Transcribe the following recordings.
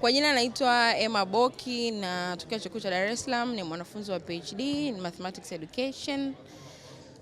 Kwa jina naitwa Emma Boki na tokea chuo cha Dar es Salaam, ni mwanafunzi wa PhD in Mathematics Education.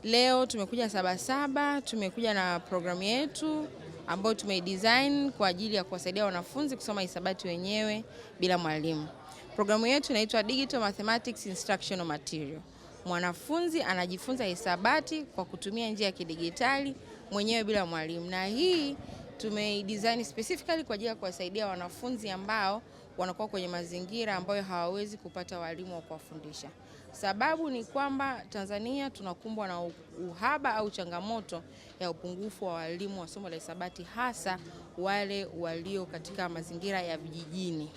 Leo tumekuja Sabasaba, tumekuja na programu yetu ambayo tumeidesign kwa ajili ya kuwasaidia wanafunzi kusoma hisabati wenyewe bila mwalimu. Programu yetu inaitwa Digital Mathematics Instructional Material. Mwanafunzi anajifunza hisabati kwa kutumia njia ya kidigitali mwenyewe bila mwalimu, na hii tumeidesign specifically kwa ajili ya kuwasaidia wanafunzi ambao wanakuwa kwenye mazingira ambayo hawawezi kupata walimu wa kuwafundisha. Sababu ni kwamba Tanzania tunakumbwa na uhaba au changamoto ya upungufu wa walimu wa somo la hisabati hasa wale walio katika mazingira ya vijijini.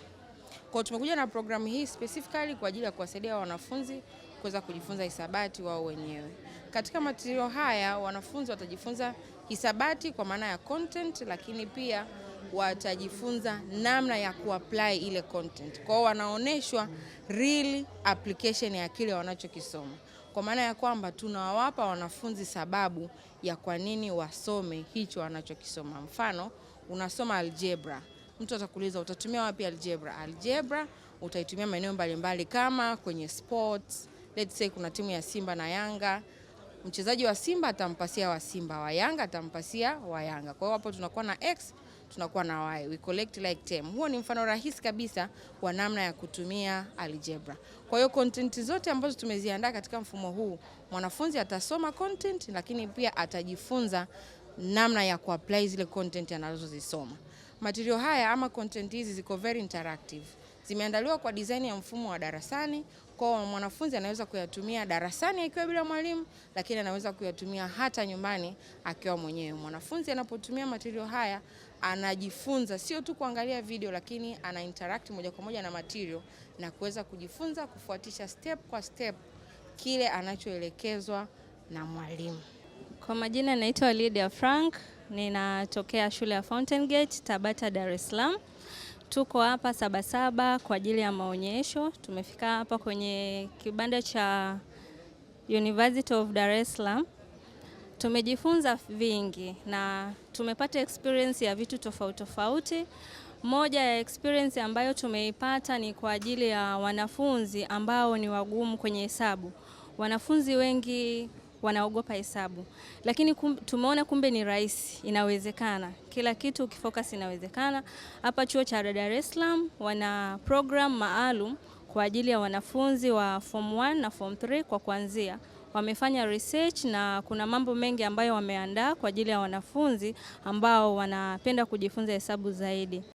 Kwa tumekuja na programu hii specifically kwa ajili ya kuwasaidia wanafunzi kuweza kujifunza hisabati wao wenyewe. Katika matirio haya wanafunzi watajifunza hisabati kwa maana ya content, lakini pia watajifunza namna ya kuapply ile content. Kwao wanaonyeshwa real application ya kile wanachokisoma, kwa maana ya kwamba tunawapa wanafunzi sababu ya kwa nini wasome hicho wanachokisoma. Mfano, unasoma algebra mtu atakuuliza utatumia wapi algebra? Algebra utaitumia maeneo mbalimbali kama kwenye sports. Let's say kuna timu ya Simba na Yanga, mchezaji wa Simba atampasia wa Simba, wa Yanga atampasia wa Yanga. Kwa hiyo hapo tunakuwa na x tunakuwa na y, we collect like term. Huo ni mfano rahisi kabisa wa namna ya kutumia algebra. Kwa hiyo content zote ambazo tumeziandaa katika mfumo huu, mwanafunzi atasoma content, lakini pia atajifunza namna ya kuapply zile content anazozisoma. Material haya ama content hizi ziko very interactive, zimeandaliwa kwa design ya mfumo wa darasani, kwa mwanafunzi anaweza kuyatumia darasani akiwa bila mwalimu, lakini anaweza kuyatumia hata nyumbani akiwa mwenyewe. Mwanafunzi anapotumia material haya anajifunza sio tu kuangalia video, lakini ana interact moja kwa moja na material na kuweza kujifunza kufuatisha step kwa step kile anachoelekezwa na mwalimu. Kwa majina anaitwa Lydia Frank ninatokea shule ya Fountain Gate Tabata, Dar es Salaam. Tuko hapa Sabasaba kwa ajili ya maonyesho. Tumefika hapa kwenye kibanda cha University of Dar es Salaam. Tumejifunza vingi na tumepata experience ya vitu tofauti tofauti. Moja ya experience ambayo tumeipata ni kwa ajili ya wanafunzi ambao ni wagumu kwenye hesabu. Wanafunzi wengi wanaogopa hesabu, lakini kum, tumeona kumbe ni rahisi, inawezekana. Kila kitu ukifocus inawezekana. Hapa chuo cha Dar es Salaam wana program maalum kwa ajili ya wanafunzi wa form 1 na form 3 kwa kuanzia wamefanya research na kuna mambo mengi ambayo wameandaa kwa ajili ya wanafunzi ambao wanapenda kujifunza hesabu zaidi.